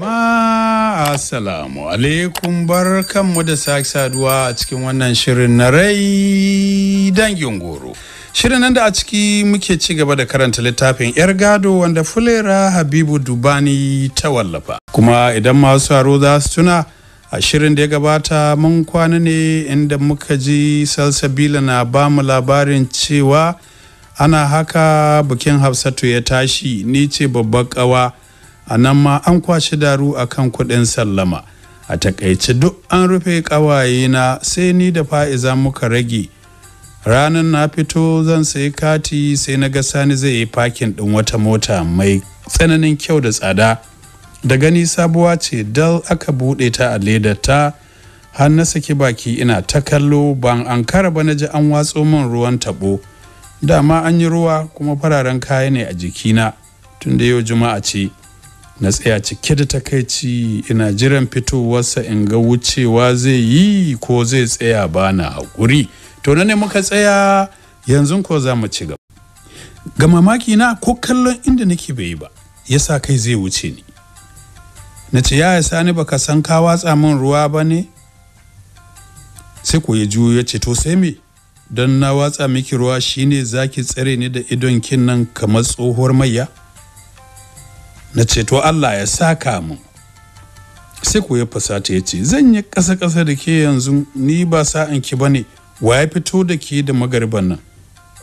Ma assalamu alaikum bar kanmu da sake saduwa a cikin wannan shirin na rai dangin goro. Shirin nan da a ciki muke ci gaba da karanta littafin 'yar gado wanda fulera Habibu Dubani ta wallafa. Kuma idan masu haro za su tuna a shirin da ya gabata mun kwana ne inda muka ji salsabila na ba mu labarin cewa ana haka bikin Hafsatu ya tashi ni ce babbar ƙawa. a nan ma an kwashi daru a kan kuɗin sallama a takaice duk an rufe ƙawaye na sai ni da fa'iza muka rage ranar na fito zan sayi kati sai na ga sani zai yi fakin ɗin wata mota mai tsananin kyau da tsada da gani sabuwa ce dal aka buɗe ta a ledarta har na saki baki ina ta kallo ban an kara ba na ji an watso min ruwan taɓo dama an yi ruwa kuma fararen kaya ne a jikina tunda yau juma'a ce na tsaya cike da takaici ina jiran fitowarsa in ga wucewa zai yi ko zai tsaya bana a guri to ne muka tsaya yanzu ko za mu ci gaba ga mamaki na ko kallon inda nake bai ba yasa kai zai wuce ni na ce yaya sani baka san ka watsa min ruwa ba ne sai ko ya juyo ya ce to sai me don na watsa miki ruwa shine zaki tsare ni da idon kin nan kamar tsohuwar mayya na ce to Allah ya saka mu sai ku ya fasata ya ce zan yi ƙasa ƙasa da ke yanzu ni ba sa'an ki bane wa ya fito da ke da magariban nan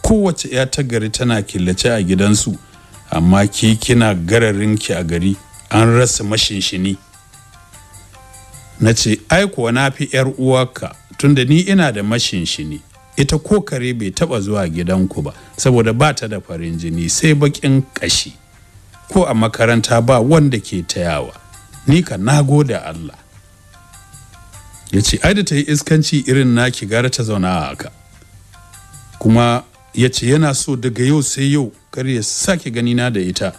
kowace ya ta gari tana killace a gidansu amma ke kina gararin ki a gari an rasa mashinshini na ce ai kuwa na fi yar uwarka tunda ni ina da mashinshini ita ko kare bai taba zuwa gidanku ba saboda ba ta da farin jini sai bakin kashi ko a makaranta ba wanda ke tayawa ni ka na da Allah ya ce ai da ta iskanci irin naki gara ta zauna a haka kuma ya ce yana so daga yau sai yau kar ya sake ganina da ita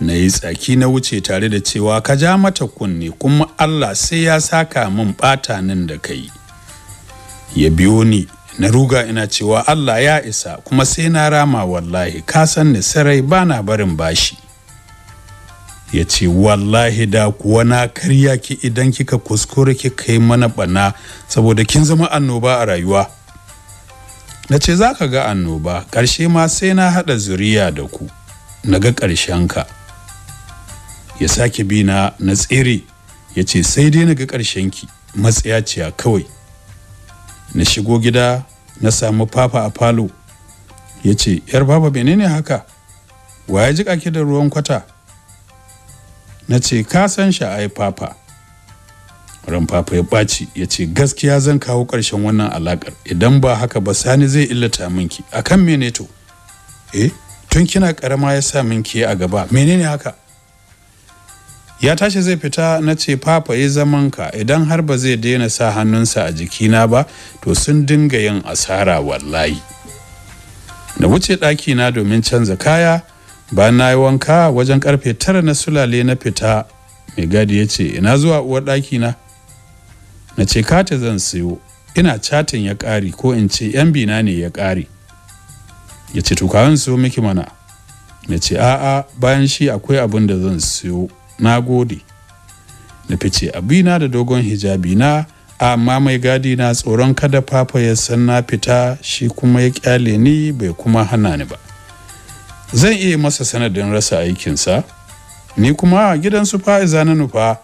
na yi tsaki na wuce tare da cewa ka ja mata kunne kuma Allah sai ya saka min bata nan da kai ya biyo ni na ruga ina cewa Allah ya isa kuma sai na rama wallahi ka san ni sarai bana barin bashi ya ce wallahi da kuwa na karya ki idan kika kuskure ki kai mana bana saboda kin zama annoba a rayuwa na ce za ka ga annoba ƙarshe ma sai na haɗa zuriya da ku na ga ka. ya sake bi na na tsere ya ce sai dai na ga ƙarshenki matsiyaciya kawai na shigo gida na samu fafa a falo ya ce yar baba menene haka wa ya ji ki da ruwan kwata na ce ka san shi ai fafa ran fafa ya ɓaci ya ce gaskiya zan kawo ƙarshen wannan alaƙar idan ba haka ba sani zai illata minki akan ne to eh tun kina ƙarama ya sa minki a gaba menene haka ya tashi zai fita na ce papa ya zaman ka idan har ba zai daina sa hannunsa a jikina ba to sun dinga yin asara wallahi na wuce ɗaki na domin canza kaya ba na yi wanka wajen karfe tara na sulale na fita mai gadi ya ce ina zuwa uwar ɗaki na na ce kata zan siyo ina catin ya ƙari ko in ce yan bina ne ya ƙari ya ce tukawan siyo miki mana na ce a'a bayan shi akwai abin da zan siyo na gode na fice abina da dogon hijabi na amma mai gadi na tsoron kada fafa ya san na fita shi kuma ya kyale ni bai kuma hana ni ba zan iya masa sanadin rasa aikinsa ni kuma gidan su fa'iza na nufa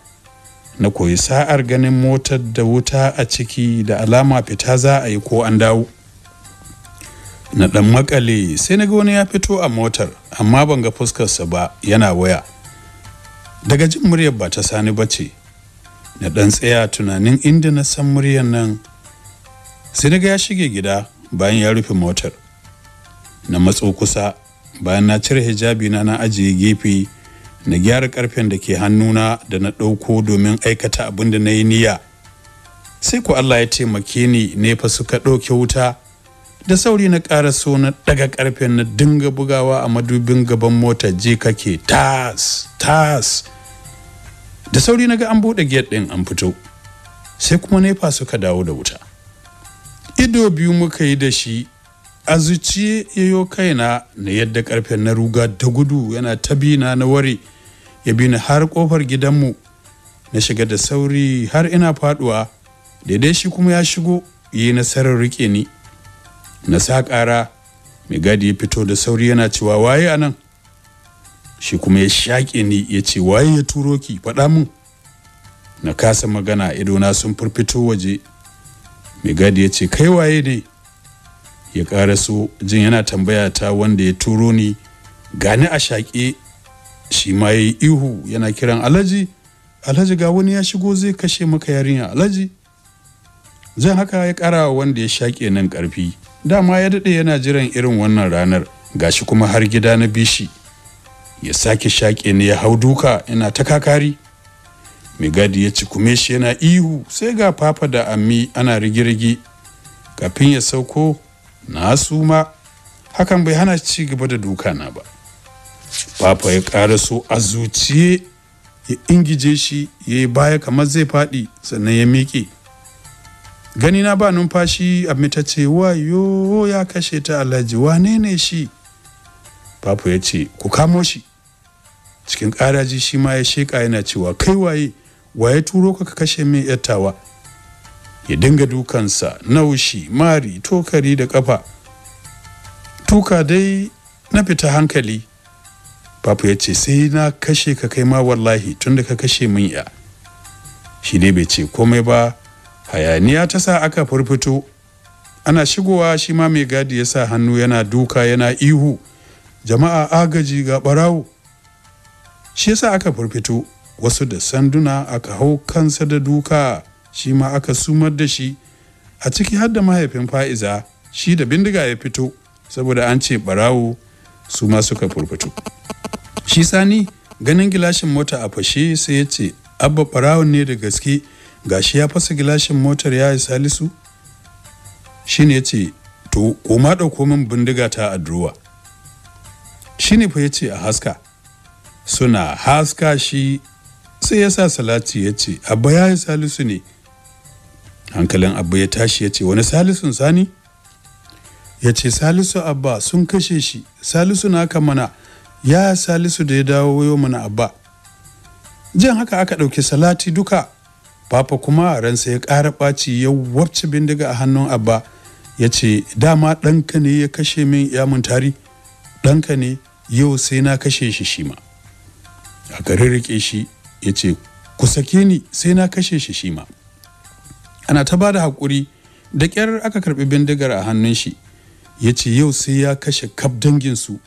na koyi sa'ar ganin motar da wuta a ciki da alama fita za a yi ko an dawo na dan makale sai na ga wani ya fito a motar amma ban ga fuskarsa ba yana waya daga jin muryar ba ta sani ba ce na ɗan tsaya tunanin inda na san muryar nan sai na ga ya shige gida bayan ya rufe motar na matso kusa bayan na cire hijabi na na ajiye gefe na gyara karfen da ke hannuna da na ɗauko domin aikata abin da na yi niyya sai ku Allah ya taimake ni nefa suka ɗauke wuta da sauri na ƙara so na daga ƙarfe na dinga bugawa a madubin gaban mota, je kake tas tas da sauri na ga an buɗe gate ɗin an fito sai kuma nefa suka dawo da wuta ido biyu muka yi da shi a zuciye yayo kaina na yadda ƙarfen na ruga da gudu yana ta bina na ware ya bi ni har ƙofar gidanmu na shiga da sauri har ina faɗuwa daidai shi kuma ya shigo yi nasarar riƙe ni na sa ƙara mai gadi ya fito da sauri yana cewa waye a nan shi kuma ya shaƙe ni ya ce waye ya turo ki faɗa min na kasa magana idona sun firfito waje mai gadi ya ce kai waye ne ya ƙara so jin yana tambaya ta wanda ya turo ni gani a shaƙe shi ma ya yi ihu yana kiran alhaji alhaji ga wani ya shigo zai kashe maka yarinya alhaji zan haka ya ƙara wanda ya shaƙe nan ƙarfi dama ya daɗe yana jiran irin wannan ranar gashi kuma har gida na bishi ya sake shaƙe ne ya hau duka yana ta kakari migadi ya ci cikume shi yana ihu sai ga fafa da ammi ana rigirgi kafin ya sauko na suma hakan bai hana ci gaba da duka na ba fafa ya kara so a zuciye ya ingije shi ya yi baya kamar zai faɗi sannan ya miƙe gani na ba numfashi abin ta ce wayo ya kashe ta alhaji wane ne shi Papu ya ce ku kamo shi cikin ƙaraji shi ma ya sheka yana cewa kai waye waye turo ka kashe min yattawa ya dinga dukansa naushi mari tokari da ƙafa tuka dai na fita hankali Papu ya ce sai na kashe ka kai ma wallahi tunda ka kashe min ya shi dai bai ce komai ba hayaniya ta sa aka firfito ana shigowa shi ma mai gadi ya sa hannu yana duka yana ihu jama'a agaji ga barawo shi yasa aka firfito wasu da sanduna aka hau kansa da duka shi ma aka sumar da shi a ciki har da mahaifin fa'iza shi da bindiga ya fito saboda an ce barawo su ma suka firfito shi sani ganin gilashin mota a fashe sai ya ce abba barawon ne da gaske gashi ya fasa gilashin motar ya yi salisu shine ya ce to koma ɗauko min bindiga ta a durowa shine fa ya ce a haska suna haska shi sai ya sa salati ya ce abba ya yi salisu ne hankalin abba ya tashi ya ce wani salisun sani ya ce salisu abba sun kashe shi salisu na aka mana ya salisu da ya dawo wayo mana abba Jin haka aka ɗauki salati duka Papa kuma ransa ya ƙara ɓaci ya wabce bindiga a hannun Abba ya ce dama ɗanka ne ya kashe min ya tari ɗanka ne yau sai na kashe shi shi ma. A garin rike shi ya ce ku sake ni sai na kashe shi shi ma. Ana ta ba da haƙuri da ƙyar aka karɓi bindigar a hannun shi ya ce yau sai ya kashe kaf danginsu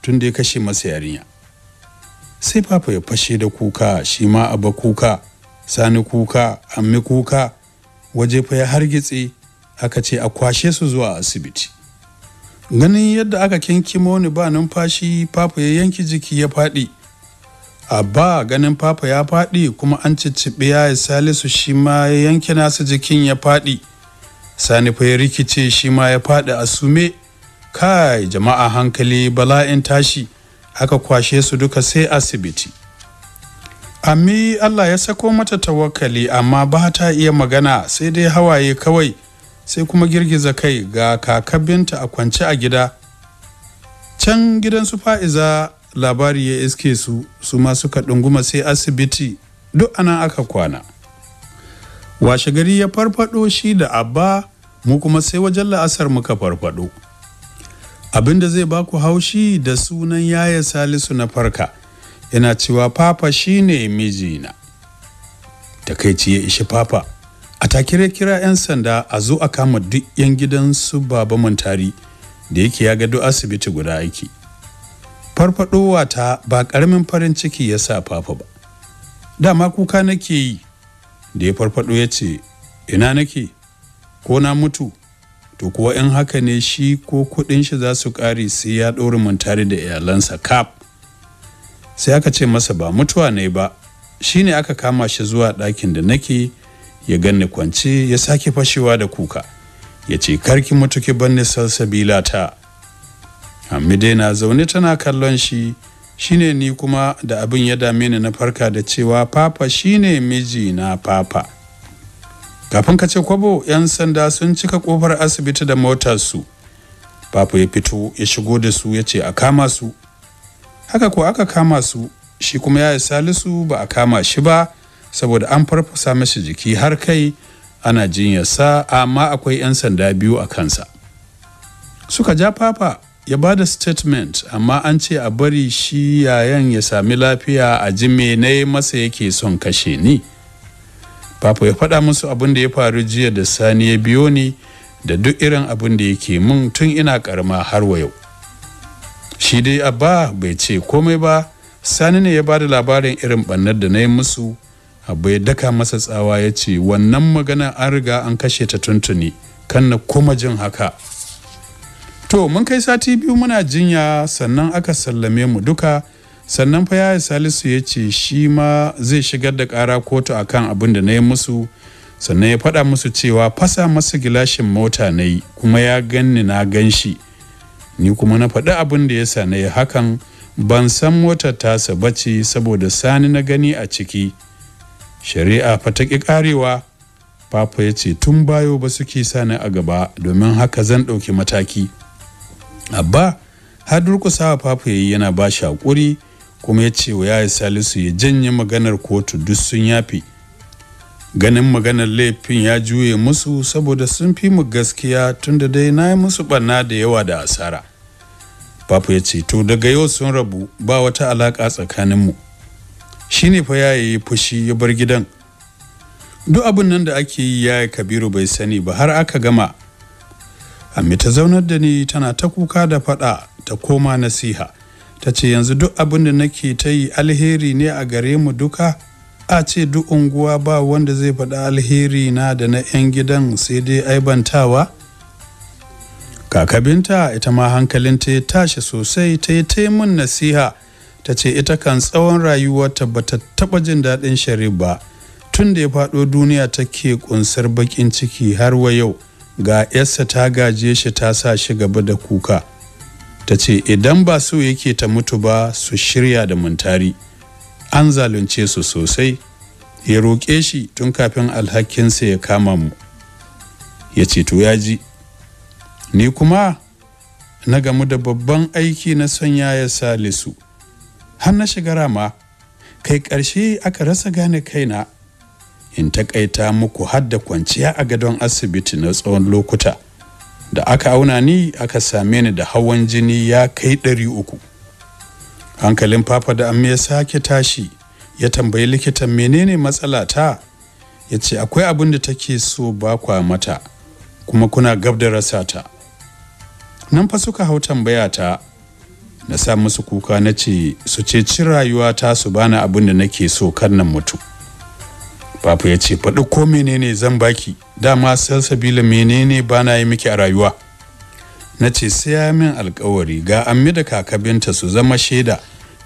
tun da ya kashe masa yarinya. Sai papa ya fashe da kuka shi ma abba kuka. sani kuka ammi kuka waje fa ya hargitse aka ce a kwashe su zuwa asibiti ganin yadda aka kinkimo ni ba numfashi papa ya yanki jiki ya faɗi abba ganin papa ya faɗi kuma an cicciɓe ya salisu shi ma ya yanki nasu jikin ya faɗi sani fa ya rikice shi ma ya faɗi a sume kai jama'a hankali bala'in tashi aka kwashe su duka sai asibiti Ami Allah ya sako mata tawakali amma ba ta iya magana sai dai hawaye kawai sai kuma girgiza kai ga kakabinta a kwance a gida. Can gidan su fa'iza labari ya iske su su ma suka ɗunguma sai asibiti duk anan aka kwana. Washe gari ya farfaɗo shi da abba mu kuma sai wajen la'asar muka farfaɗo. Abin da zai baku haushi da sunan yaya salisu na farka. yana cewa papa shine mijina takaici ya ishi papa a takire kira 'yan sanda a zo a kama duk 'yan su baba mantari da yake ya gado asibiti guda aiki farfadowa ta ba karamin farin ciki ya sa papa ba dama kuka nake yi da ya farfado ya ce ina nake ko na mutu to kuwa in haka ne shi ko kudin shi za su kare sai ya ɗora mantari da iyalansa kap sai aka ce masa ba mutuwa ne ba shine aka kama shi zuwa ɗakin da nake ya ganni kwance ya sake fashewa da kuka ya ce karki mutu ki banne salsabila ta hamide na zaune tana kallon shi shine ni kuma da abin ya dame ni na farka da cewa papa shine miji na papa kafin ka ce kwabo 'yan sanda sun cika kofar asibiti da motarsu, su papa ya fito ya shigo da su ya ce a kama su haka ko aka kama su shi kuma ya yi salisu ba a kama shi ba saboda an farfasa mashi jiki har kai ana sa amma akwai 'yan sanda biyu a kansa suka ja Papa ya ba da statement amma an ce a bari shi yayan ya sami lafiya a ji mene masa yake son kashe ni papa ya faɗa musu abin da ya faru jiya da sani ya biyo ni da duk irin abin da yake mun tun ina karama har wa yau shi dai abba bai ce komai ba sani ne ya ba da labarin irin bannar da na yi musu abba ya daka masa tsawa ya ce wannan magana an riga an kashe ta tuntuni kan na kuma jin haka to mun kai sati biyu muna jinya sannan aka sallame mu duka sannan fa yaya salisu ya ce shi ma zai shigar da kara kotu akan abin da na yi musu sannan ya faɗa musu cewa fasa masa gilashin mota na yi kuma ya ganni na gan shi ni kuma na faɗi abin da ya sa na yi hakan ban san motar tasa bace saboda sani na gani a ciki shari'a fa ta ƙarewa papa ya ce tun bayo ba suke sani a gaba domin haka zan ɗauki mataki abba har wa papa ya yi yana ba shi haƙuri kuma ya ce wa yaya salisu ya janye maganar kotu duk sun yafi ganin maganar laifin ya juye musu saboda sun fi mu gaskiya tunda dai na yi musu barna da yawa da asara Papu ya ce to daga yau sun rabu ba wata alaƙa tsakaninmu shi ne fa ya yi fushi ya bar gidan duk abin nan da ake yi ya yi kabiru bai sani ba har aka gama amma ta zaunar da ni tana ta kuka da faɗa ta koma nasiha ta ce yanzu duk abin da nake ta yi alheri ne a gare mu duka a ce duk unguwa ba wanda zai faɗi alheri na da na 'yan gidan sai dai aibantawa kakabinta ita ma hankalinta ya tashi sosai ta yi mun nasiha ta ce ita kan tsawon rayuwarta ba ta taɓa jin daɗin shari ba tun da ya faɗo duniya ta ke ƙunsar baƙin ciki har wa yau ga yarsa ta gaje shi ta sa shi gaba da kuka ta ce idan ba so yake ta mutu ba su shirya da muntari. an zalunce su sosai ya roƙe shi tun kafin alhakinsa ya kama mu ya ce to ya ji ni kuma na gamu da babban aiki na sanya ya salisu har na shiga rama kai ƙarshe aka rasa gane kaina in taƙaita muku har da kwanciya a gadon asibiti na tsawon lokuta da aka auna ni aka same ni da hawan jini ya kai ɗari uku. hankalin papa da amme ya sake tashi ya tambayi likitan menene matsala ta ya ce akwai abin da take so ba kwa mata kuma kuna gab da rasa ta nan fa suka hau tambaya ta na sa musu kuka na ce su ceci rayuwa ta su bani abin da nake so kan nan mutu Papa ya ce faɗi ko menene zan baki dama salsabila menene bana yi miki a rayuwa na ce sai ya min alkawari ga ammi da kakabinta su zama shaida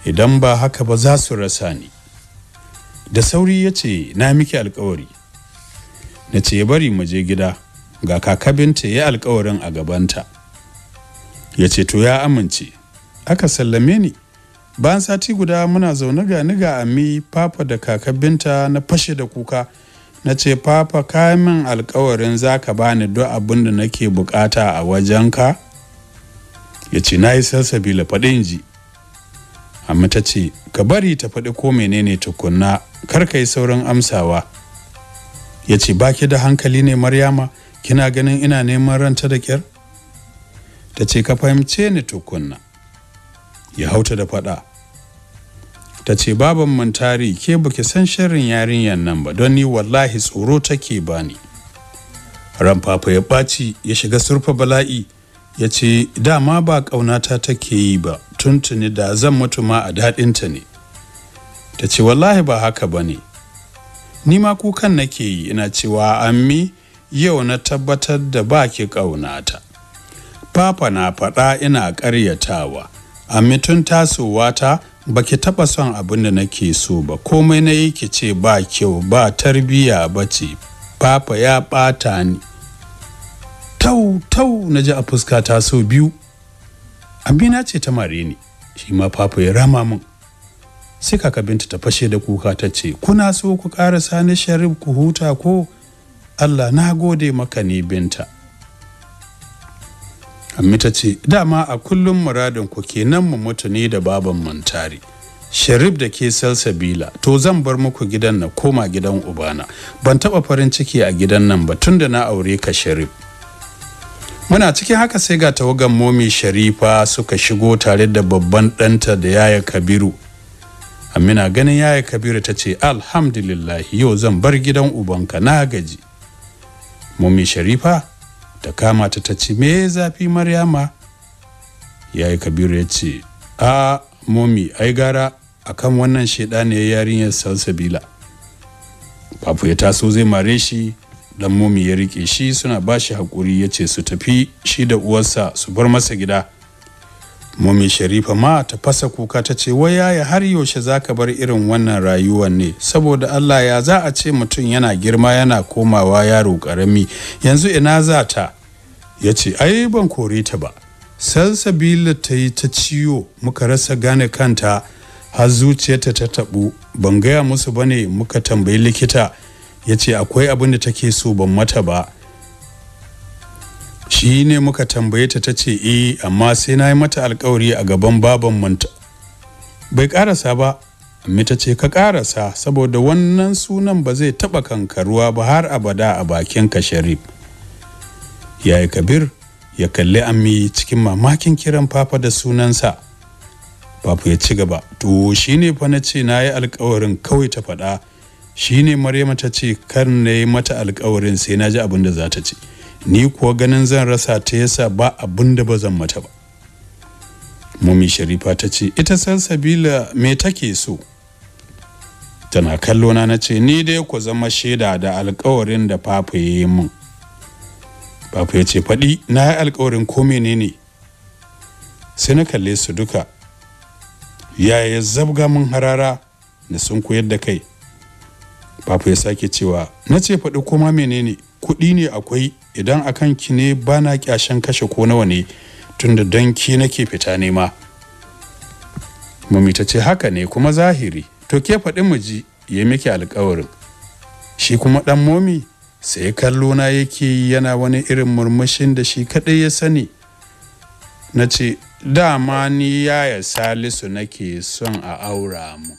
idan ba haka ba za su rasa ni da sauri ya ce na miki alkawari na ce ya bari mu je gida ga kakabinta ya alkawarin a gabanta ya ce to ya amince aka sallame ni bayan sati guda muna zaune ga ni ga ammi papa da kakabinta na fashe da kuka na ce papa ka min alkawarin za ka bani duk abin da nake bukata a wajenka ya ce na yi salsabila faɗin ji amma ta ce ka bari ta faɗi ko menene tukunna kar ka yi saurin amsawa ya ce baki da hankali ne maryama kina ganin ina neman ranta da kyar ta ce ka fahimce ni tukunna ya hauta da faɗa ta ce baban mantari ke baki san shirin yarinyar nan ba don ni wallahi tsoro take bani ran ya ɓaci ya shiga surfa bala'i ya ce dama ba ƙaunata take yi ba tuntuni da zan mutu ma a daɗinta ne ta ce wallahi ba haka ba ne ni ma kukan nake yi ina cewa ammi yau na tabbatar da ba ki ƙaunata papa na faɗa ina ƙaryatawa ammi tun tasowata ba ki taɓa son abin da nake so ba komai na yi ki ce ba kyau ba tarbiyya ba ce papa ya ɓata ni tau tau na ji a fuska ta so biyu amina ce ta mare ni shi ma papa ya rama min sai kaka binta ta fashe da kuka ta ce kuna so ku karasa sani sharif ku huta ko allah na gode maka ne binta Ammi ta ce, dama a kullum muradin ku kenan mu mutu ne da baban mantari. Sharif da ke Salsabila, to zan bar muku gidan na koma gidan Ubana. Ban taɓa farin ciki a gidan nan ba tun da na aure ka Sharif. Muna cikin haka sai ga tawagan momi Sharifa suka shigo tare da babban ɗanta da yaya Kabiru. Amina ganin yaya Kabiru ta ce, Alhamdulillah, yau zan bar gidan Ubanka na gaji. Momi Sharifa ta kama ta ta ce me zafi maryama yayi kabiru ya ce a momi ai gara akan wannan ya yarinyar salsabila papu ya taso zai mare shi dan momi ya rike shi suna bashi hakuri ya ce su tafi shi da uwarsa su bar masa gida Mummy Sharifa ma ta fasa kuka ta ce wai yaya har yaushe zaka bar irin wannan rayuwar ne saboda Allah ya za a ce mutum yana girma yana komawa yaro karami yanzu ina za ta ya ce ai ban kore ta ba salsabila ta yi ta ciwo muka rasa gane kanta har zuciyarta ta tabu ban gaya musu bane muka tambayi likita ya ce akwai abin da take so ban mata ba shi ne muka tambaye ta ta ce eh amma sai na yi mata alkawari a gaban baban manta bai karasa ba amma ta ce ka karasa saboda wannan sunan ba zai taba kankaruwa ba har abada a bakin ka sharif yayi kabir ya kalli ammi cikin mamakin kiran fafa da sunansa fafa ya ci gaba to shi ne fa na ce na yi alkawarin kawai ta faɗa ne maryama ta ce kar na yi mata alkawarin sai na ji abin da za ta ce ni kuwa ganin zan rasa ta yasa ba abin da ba mata ba mummy sharifa ta ce ita san sabila me take so tana kallo na ce ni dai ku zama shaida da alkawarin da papa ya yi min papa ya ce faɗi na yi alkawarin ko menene sai na kalle su duka yaya zabga min harara da sun koyar da kai papa ya sake cewa na ce faɗi kuma menene kuɗi ne akwai idan a kanki ne ba na kyashen kashe ko nawa ne tunda don ki nake fita nema mummy ta ce haka ne kuma zahiri to ke faɗin mu ji ya miki alkawarin shi kuma ɗan momi sai kallo na yake yana wani irin murmushin da shi kaɗai ya sani na ce dama ni yaya salisu nake son a aura mu